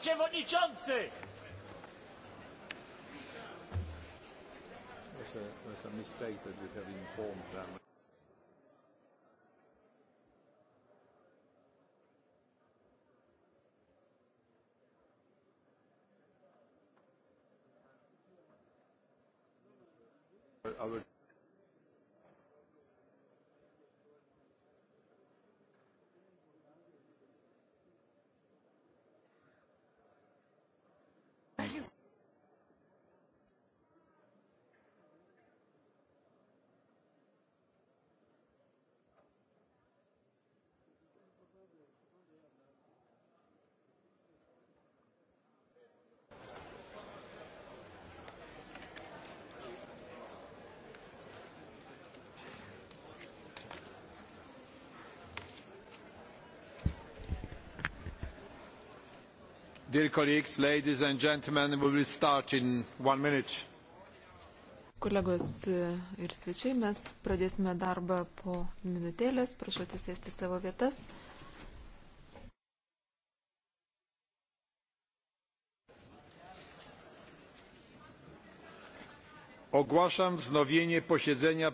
przewodniczący! There's a, there's a mistake that we have informed them. Our Dear colleagues, ladies and gentlemen, we will start in one minute. Kolegos e, ir svečiai, mes pradėsime darbą po minutėlės. Prašau atsisėsti savo vietas. ogłaszam wznowienie posiedzenia